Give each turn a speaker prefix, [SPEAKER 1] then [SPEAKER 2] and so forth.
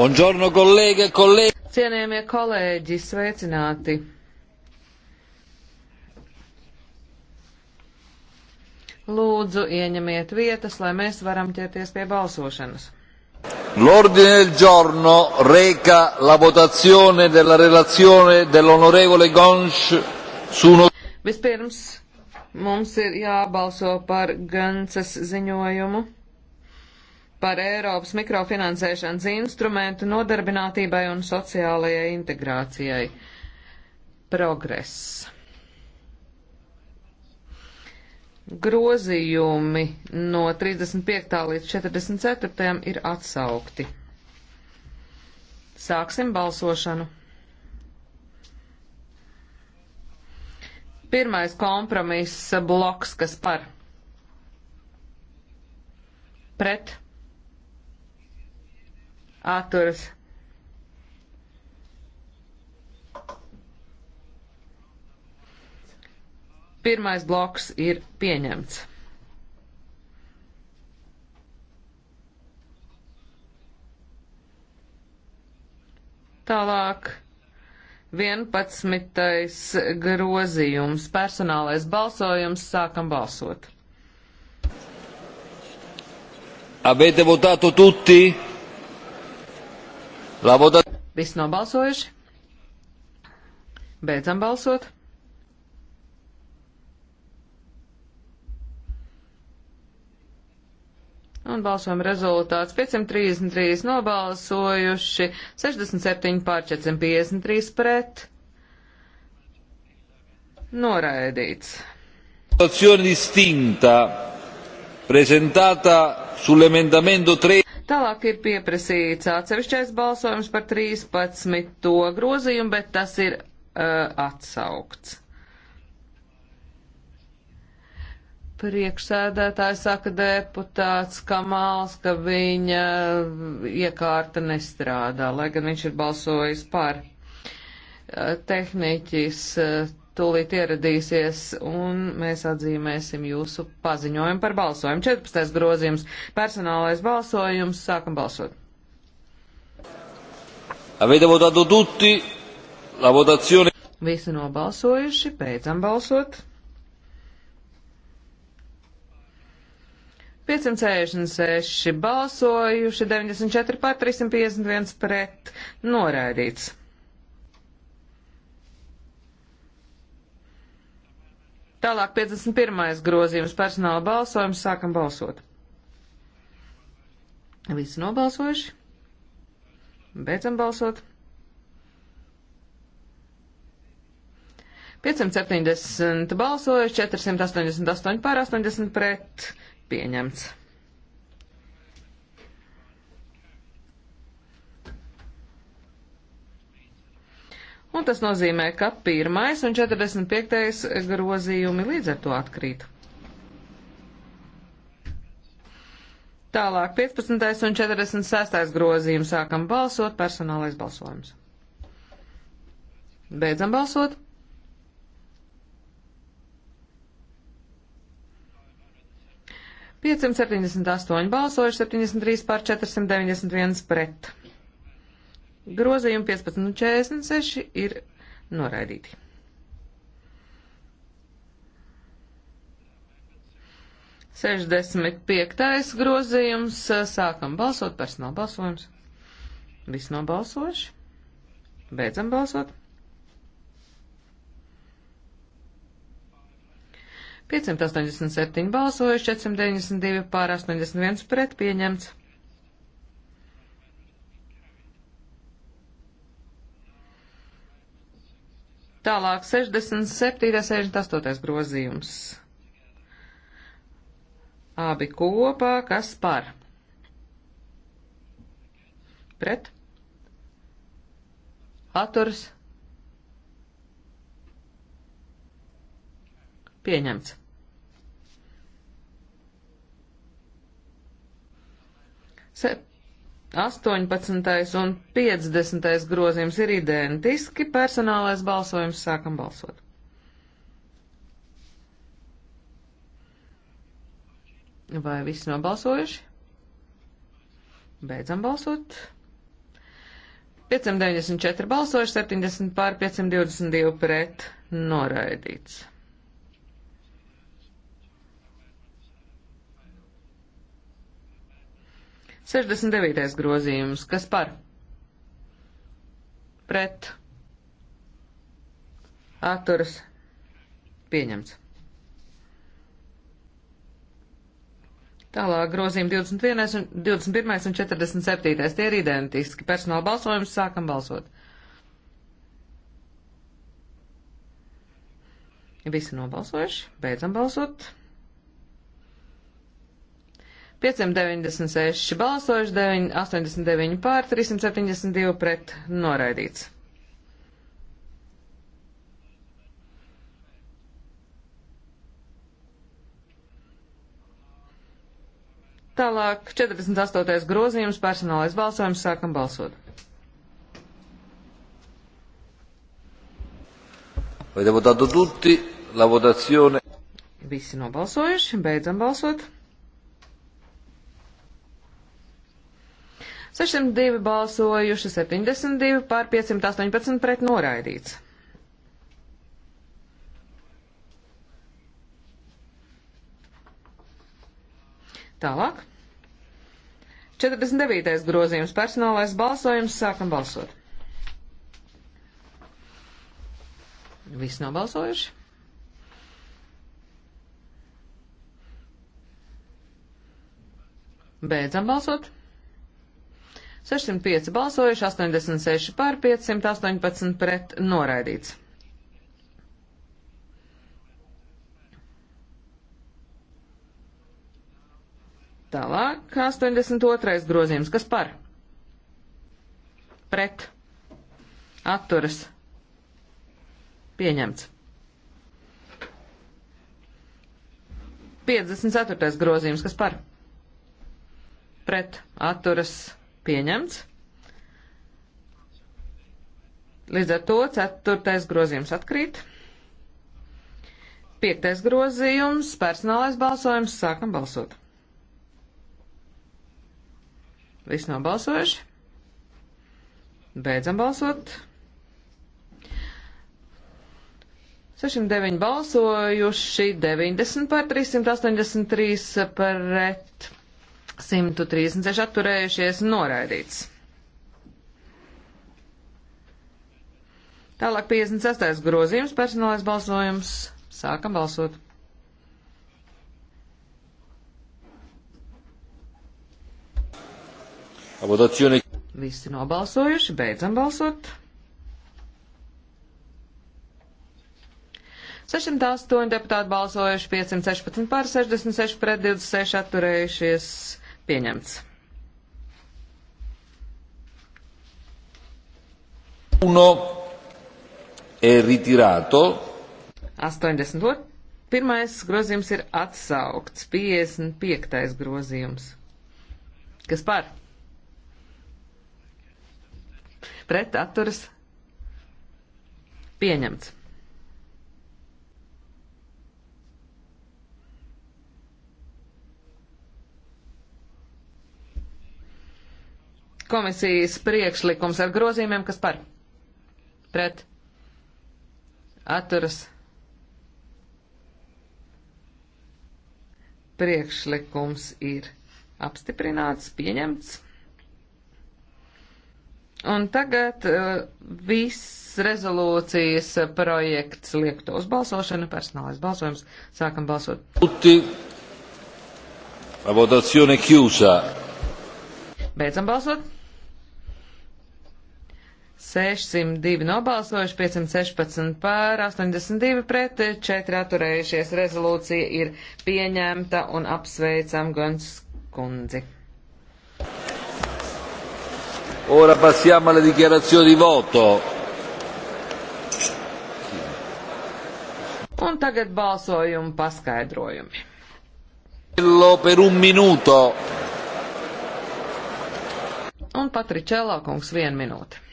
[SPEAKER 1] Buongiorno, kolēģi, e kolēģi!
[SPEAKER 2] Cienījamie kolēģi, sveicināti! Lūdzu, ieņemiet vietas, lai mēs varam ķerties pie balsošanas.
[SPEAKER 1] L'ordine del giorno reca la votazione della relazione dell'onorevole Gonsch su uno...
[SPEAKER 2] Vispirms mums ir jābalso par Gansas ziņojumu par Eiropas mikrofinansēšanas instrumentu nodarbinātībai un sociālajai integrācijai. Progress. Grozījumi no 35. līdz 44. ir atsaukti. Sāksim balsošanu. Pirmais kompromiss bloks, kas par pret atturas. Pirmais bloks ir pieņemts. Tālāk 11. grozījums, personālais balsojums, sākam balsot.
[SPEAKER 1] Avete votato tutti? Labodien!
[SPEAKER 2] Viss nobalsojuši? Beidzam balsot! Un balsojuma rezultāts 533 nobalsojuši, 67 pār 453 pret. Noraidīts.
[SPEAKER 1] Votazione distinta presentata sull'emendamento 3.
[SPEAKER 2] Tālāk ir pieprasīts atsevišķais balsojums par 13. grozījumu, bet tas ir uh, atsaukts. Priekšsēdētāji saka deputāts Kamāls, ka viņa iekārta nestrādā, lai gan viņš ir balsojis par. Uh, tehniķis uh, tūlīt ieradīsies, un mēs atzīmēsim jūsu paziņojumu par balsojumu. 14. grozījums - personālais balsojums. Sākam balsot.
[SPEAKER 1] Avete votato tutti? La votazione.
[SPEAKER 2] Visi nobalsojuši, beidzam balsot. 566 balsojuši, 94 pār 351 pret noraidīts. Tālāk 51. grozījums personāla balsojums. Sākam balsot. Visi nobalsojuši. Beidzam balsot. 570 balsojuši, 488 pār 80 pret pieņemts. un tas nozīmē, ka 1. un 45. grozījumi līdz ar to atkrīt. Tālāk 15. un 46. grozījums sākam balsot, personālais balsojums. Beidzam balsot. Piecsimt septiņdesmit astoņi balsojuši, septiņdesmit trīs pār četrsimt deviņdesmit viens pret. Grozījumi 15 un 46 ir noraidīti. Sešdesmit piektais grozījums. Sākam balsot, personāla balsojums. Viss nobalsoši. Beidzam balsot. 587 balsojuši, 492 pār 81 pret pieņemts. Tālāk 67. 68. grozījums. Abi kopā, kas par? Pret? Atturs? Pieņemts. Sep 18. un 50. grozījums ir identiski, personālais balsojums sākam balsot. Vai visi nobalsojuši? Beidzam balsot. 594 balsojuši, 70 pār 522 pret noraidīts. 69. grozījums. Kas par? Pret. Atturas. Pieņemts. Tālāk grozījumi 21. un 21. un 47. Tie ir identiski. Personāla balsojums sākam balsot. Visi nobalsojuši. Beidzam balsot. 596 balsojuši, 9, 89 pār, 372 pret noraidīts. Tālāk 48. grozījums personālais balsojums sākam balsot. Visi nobalsojuši, beidzam balsot. 602 balsojuši, 72 pār 518 pret noraidīts. Tālāk. 49. grozījums personālais balsojums. Sākam balsot. Viss nobalsojuši. Beidzam balsot. 605 balsojuši, 86 pār 518 pret noraidīts. Tālāk 82. grozījums, kas par? Pret. Atturas. Pieņemts. 54. grozījums, kas par? Pret. Atturas. Pieņemts pieņemts. Līdz ar to ceturtais grozījums atkrīt. Piektais grozījums, personālais balsojums, sākam balsot. Viss nobalsojuši. Beidzam balsot. 609 balsojuši, 90 par 383 pret 136 atturējušies noraidīts. Tālāk 56. grozījums personālais balsojums. Sākam balsot.
[SPEAKER 1] Votazione.
[SPEAKER 2] Visi nobalsojuši, beidzam balsot. 608 deputāti balsojuši, 516 pār 66 pret 26 atturējušies. Pieņemts.
[SPEAKER 1] Uno e ritirato.
[SPEAKER 2] 82. Pirmais grozījums ir atsaukts. 55. grozījums. Kas par? Pret atturas pieņemts. komisijas priekšlikums ar grozījumiem, kas par pret atturas priekšlikums ir apstiprināts, pieņemts. Un tagad uh, viss rezolūcijas projekts liek to uz balsošanu, personālais balsojums, sākam balsot.
[SPEAKER 1] Tutti. La votazione chiusa.
[SPEAKER 2] Beidzam balsot. 602 nobalsojuši, 516 pār, 82 pret, 4 atturējušies. Rezolūcija ir pieņemta un apsveicam Gons kundzi.
[SPEAKER 1] Ora passiamo alle dichiarazioni di voto.
[SPEAKER 2] Un tagad balsojumu paskaidrojumi.
[SPEAKER 1] Per un minuto.
[SPEAKER 2] Un Patričēlā kungs vienu minūti.